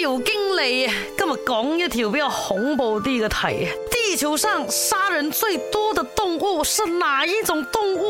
有經理，今日講一條比較恐怖啲嘅題：地球上殺人最多的動物是哪一種動物？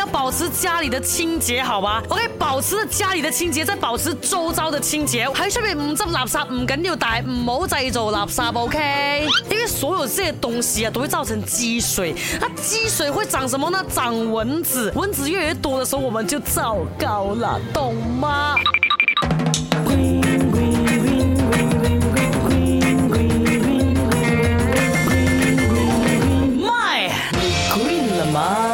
要保持家裏的清潔好吧，ok 保持家裏的清潔，再保持周遭的清潔。喺上面唔執垃圾唔緊要帶，唔好製造垃圾 ok，因為所有這些東西啊，都會造成積水。那積水會長什麼呢？長蚊子。蚊子越來越多的時候，我們就糟糕了，懂嗎？MY 你 GREEN 了嗎？